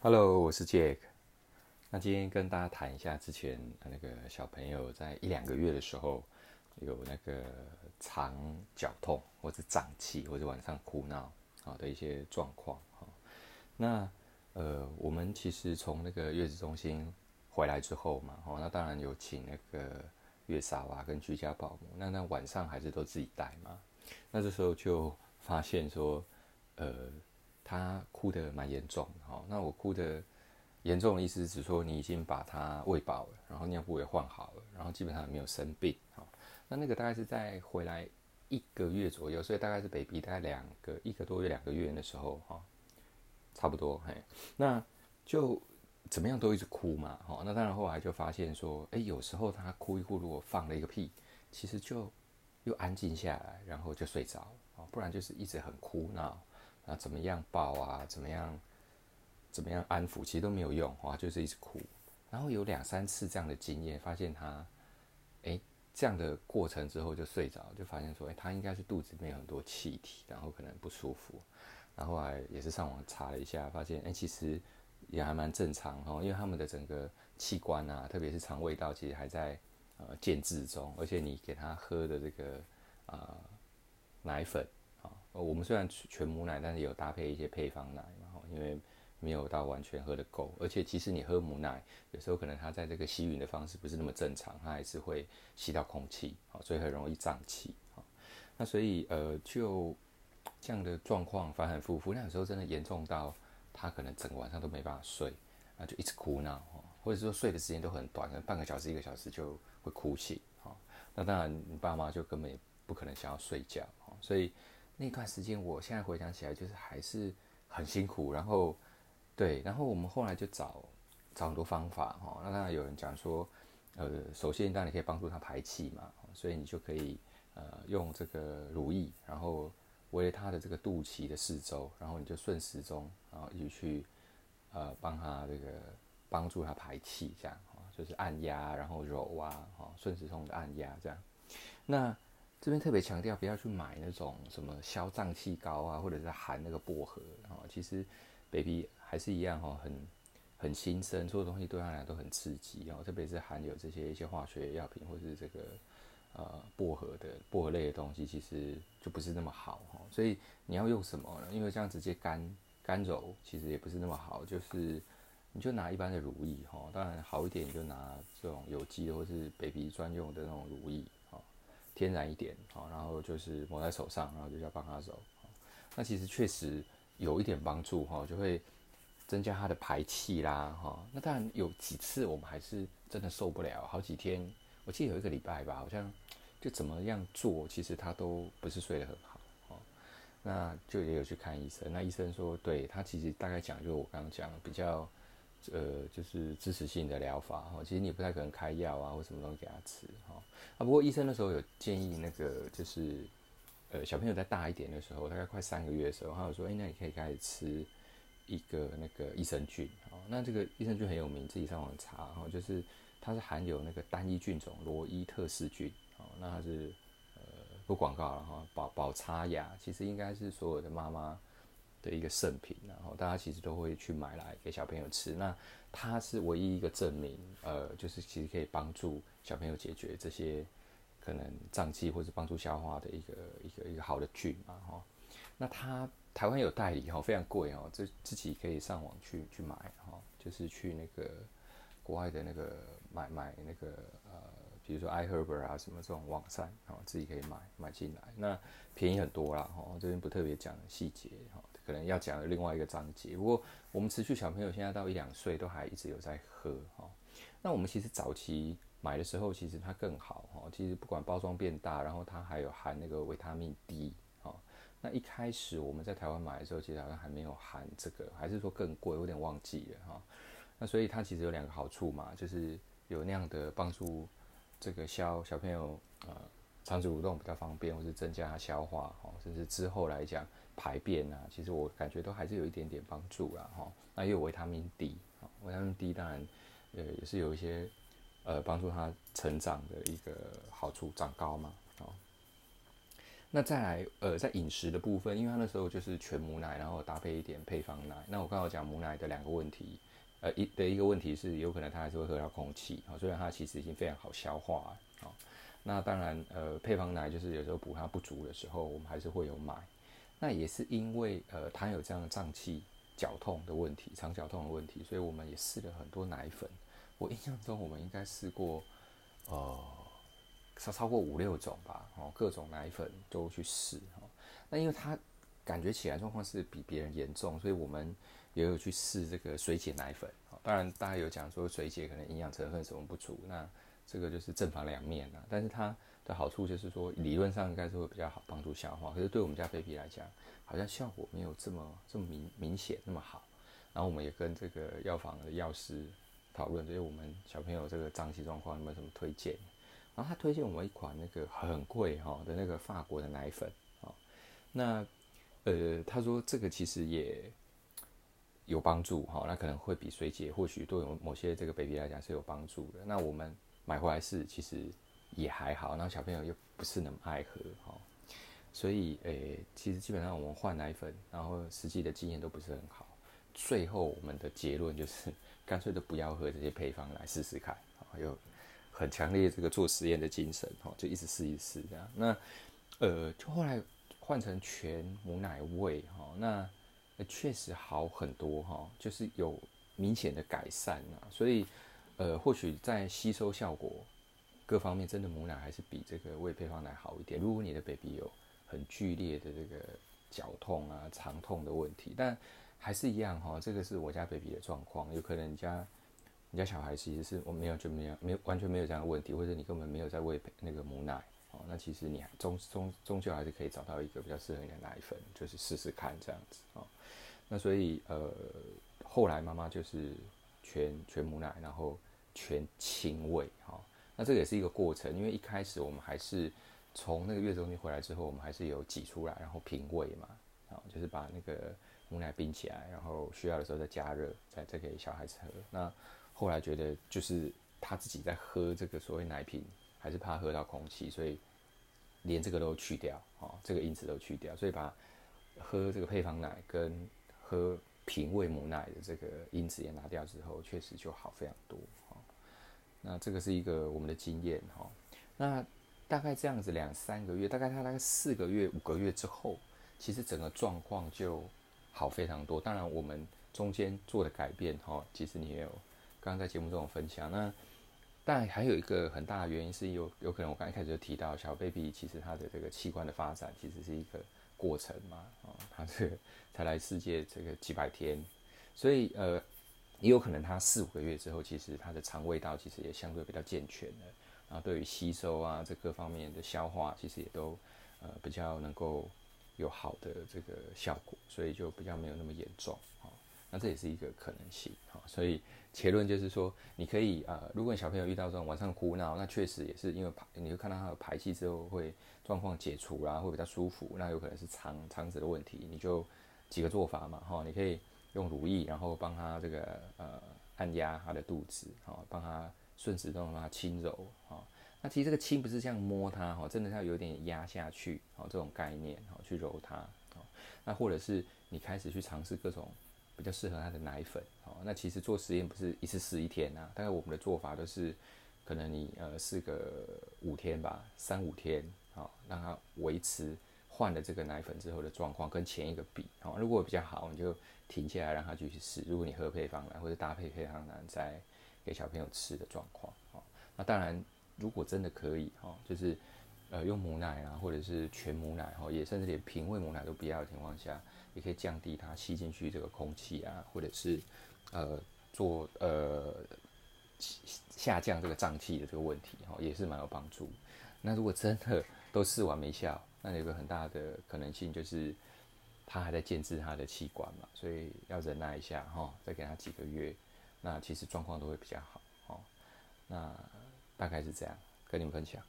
Hello，我是 Jack。那今天跟大家談一下之前那個小朋友在一兩個月的時候有那個腸絞痛，或者脹氣，或者晚上哭鬧的一些狀況哈。那呃，我們其實從那個月子中心回來之後嘛，那當然有請那個月嫂啊跟居家保姆，那那晚上還是都自己帶嘛。那這時候就發現說，呃。他哭得蠻嚴重，好，那我哭得嚴重的意思是說，你已經把他餵飽了，然後尿布也換好了，然後基本上也沒有生病，那那個大概是在回來一個月左右，所以大概是 baby 大概兩個一個多月兩個月的時候，哈，差不多，嘿，那就怎麼樣都一直哭嘛，那當然後來就發現說，欸，有時候他哭一哭，如果放了一個屁，其實就又安靜下來，然後就睡着，啊，不然就是一直很哭鬧。那啊，怎麼樣抱啊？怎麼樣，怎麼樣安撫？其實都沒有用，哇、哦，就是一直哭。然後有兩三次這樣的經驗，發現他，哎，這樣的過程之後就睡着，就發現說，哎，他應該是肚子裡面有很多氣體，然後可能不舒服。然後還也是上網查了一下，發現，哎，其實也還蠻正常哈、哦，因為他們的整個器官啊，特別是腸胃道，其實還在呃建制中，而且你給他喝的這個呃奶粉。我們雖然全全母奶，但是有搭配一些配方奶然後因為沒有到完全喝得夠，而且其實你喝母奶，有時候可能它在這個吸吮的方式不是那麼正常，它還是會吸到空氣，好，所以很容易脹氣。好，那所以呃，就這樣的狀況反反复复，那有時候真的嚴重到他可能整個晚上都沒辦法睡，那就一直哭鬧，或者說睡的時間都很短，可能半個小時、一個小時就會哭醒。那當然你爸媽就根本也不可能想要睡覺，所以。那段時間，我現在回想起來，就是還是很辛苦。然後，對，然後我們後來就找找很多方法，哦。那當然有人講說，呃，首先當然你可以幫助他排氣嘛，哦、所以你就可以呃用這個乳液，然後圍着他的這個肚臍的四周，然後你就順時鐘，然後、哦、一直去呃幫他這個幫助他排氣這樣，哦，就是按壓，然後揉啊、哦，順時鐘的按壓這樣。那這邊特別強調，不要去買那種什麼消脹氣膏啊，或者是含那個薄荷。其實，baby 還是一樣哈，很很新生，做的東西對他來都很刺激哦。特別是含有這些一些化學藥品，或是這個呃薄荷的薄荷類的東西，其實就不是那麼好哈。所以你要用什麼呢？因為這樣直接乾乾揉其實也不是那麼好，就是你就拿一般的乳液哈。當然好一點你就拿這種有機的或是 baby 專用的那種乳液。天然一點，然後就是抹在手上，然後就叫幫他揉。那其實確實有一點幫助，哈，就會增加他的排氣啦，哈。那當然有幾次我們還是真的受不了，好幾天，我記得有一個禮拜吧，好像就怎麼樣做，其實他都不是睡得很好，哦，那就也有去看醫生。那醫生說，對他其實大概講，就是我剛剛講比較。呃，就是支持性的療法哈，其實你不太可能開藥啊或什麼東西給他吃哈、哦。啊，不過醫生那時候有建議那個就是，呃，小朋友在大一點的時候，大概快三個月的時候，他有說，哎、欸，那你可以開始吃一個那個益生菌、哦、那這個益生菌很有名，自己上網查哈、哦，就是它是含有那個單一菌種羅伊特氏菌哦。那它是呃不廣告了哈，寶寶擦牙，其實應該是所有的媽媽。的一個聖品，啊，然後大家其實都會去買來給小朋友吃。那它是唯一一個證明，呃，就是其實可以幫助小朋友解決這些可能脹氣或者幫助消化的一個一個一個好的菌嘛，哈、哦。那它台灣有代理哈、哦，非常貴哦，自自己可以上網去去買哈、哦，就是去那個國外的那個買買那個、呃比如說 iHerb 啊，什麼這種網站，然後自己可以買買進來，那便宜很多啦。哈，這邊不特別講細節，哈，可能要講另外一個章節。不過我們持續小朋友現在到一兩歲都還一直有在喝，哈，那我們其實早期買的時候，其實它更好，哈，其實不管包裝變大，然後它還有含那個維他命 D，哈，那一開始我們在台灣買的時候，其實好像還沒有含這個，還是說更貴，有點忘記了，哈，那所以它其實有兩個好處嘛，就是有那樣的幫助。這個消小朋友呃腸子蠕動比較方便，或是增加消化哦，甚至之後來講排便吶、啊，其實我感覺都還是有一點點幫助啦哈。那也有維他命 D，維他命 D 當然呃也是有一些呃幫助他成長的一個好處，長高嘛哦。那再來呃在飲食的部分，因為他那時候就是全母奶，然後搭配一點配方奶。那我剛好講母奶的兩個問題。呃一的一個問題是，有可能他還是會喝到空氣啊、哦，雖然他其實已經非常好消化啊、哦。那當然，呃，配方奶就是有時候補它不足的時候，我們還是會有買。那也是因為，呃，他有這樣的脹氣、絞痛的問題，腸絞痛的問題，所以我們也試了很多奶粉。我印象中，我們應該試過呃，超超過五六種吧，哦，各種奶粉都去試、哦。那因為他感覺起來狀況是比別人嚴重，所以我們。也有去試這個水解奶粉，當然大家有講說水解可能營養成分什麼不足，那這個就是正反兩面，啊，但是它的好處就是說，理論上應該是會比較好幫助消化。可是對我們家 baby 來講，好像效果沒有這麼這麼明明顯那麼好。然後我們也跟這個藥房的藥師討論，就是我們小朋友這個脹氣狀況有沒有什麼推薦。然後他推薦我們一款那個很貴哈的那個法國的奶粉，啊，那呃他說這個其實也。有幫助哈，那可能會比水解或許對某些這個 baby 來講是有幫助的。那我們買回來試，其實也還好。那小朋友又不是那麼愛喝哈，所以誒、欸，其實基本上我們換奶粉，然後實際的經驗都不是很好。最後我們的結論就是，乾脆都不要喝這些配方來試試看。有很強烈這個做實驗的精神哈，就一直試一試這樣。那呃，就後來換成全母奶餵哈，那。確實好很多哈、哦，就是有明顯的改善吶、啊。所以，呃，或許在吸收效果各方面，真的母奶還是比這個餵配方奶好一點，如果你的 baby 有很劇烈的這個絞痛啊、腸痛的問題，但還是一樣哈、哦，這個是我家 baby 的狀況。有可能你家，你家小孩其實是我沒有就沒有沒有完全沒有這樣的問題，或者你根本沒有在餵那個母奶。哦，那其實你終終終究還是可以找到一個比較適合你的奶粉，就是試試看這樣子哦。那所以呃，後來媽媽就是全全母奶，然後全親餵哈、哦。那這個也是一個過程，因為一開始我們還是從那個月子中心回來之後，我們還是有擠出來，然後瓶餵嘛，啊、哦，就是把那個母奶冰起來，然後需要的時候再加熱，再再給小孩子喝。那後來覺得就是他自己在喝這個所謂奶瓶，還是怕喝到空氣，所以連這個都去掉哈、哦，這個因子都去掉，所以把喝這個配方奶跟喝瓶餵母奶的這個因子也拿掉之後，確實就好非常多哈、哦，那這個是一個我們的經驗哈、哦。那大概這樣子兩三個月，大概他大概四個月、五個月之後，其實整個狀況就好非常多。當然，我們中間做的改變哈、哦，其實你也有剛剛在節目中有分享那。但還有一個很大的原因是有有可能我剛一開始就提到小 baby 其實他的這個器官的發展其實是一個過程嘛，哦、他是才來世界這個幾百天，所以呃也有可能他四五個月之後其實他的腸胃道其實也相對比較健全了，然後對於吸收啊這各方面的消化其實也都呃比較能夠有好的這個效果，所以就比較沒有那麼嚴重啊、哦，那這也是一個可能性啊、哦，所以。結論就是說，你可以呃，如果你小朋友遇到這種晚上哭鬧，那確實也是因為排，你會看到他的排氣之後會狀況解除啦、啊，會比較舒服，那有可能是腸腸子的問題，你就幾個做法嘛，哈、哦，你可以用乳液，然後幫他這個呃按壓他的肚子，好、哦，幫他順時針，讓他輕揉，好、哦，那其實這個輕不是這樣摸他，哈、哦，真的要有點壓下去，好、哦，這種概念，好、哦，去揉他，好、哦，那或者是你開始去嘗試各種比較適合他的奶粉。那其實做實驗不是一次試一天吶、啊，大概我們的做法都是，可能你呃試個五天吧，三五天，好、哦、讓它維持換了這個奶粉之後的狀況跟前一個比，好、哦、如果比較好，你就停下來讓它繼續試。如果你喝配方奶或者搭配配方奶再給小朋友吃的狀況，好、哦、那當然如果真的可以，哈、哦、就是呃用母奶啊或者是全母奶，哈、哦、也甚至連瓶餵母奶都不要的情況下，也可以降低它吸進去這個空氣啊或者是。呃，做呃下降這個脹氣的這個問題，哈，也是蠻有幫助。那如果真的都試完沒效，那有個很大的可能性就是他還在建制他的器官嘛，所以要忍耐一下，哈，再給他幾個月，那其實狀況都會比較好，哦，那大概是這樣，跟你們分享。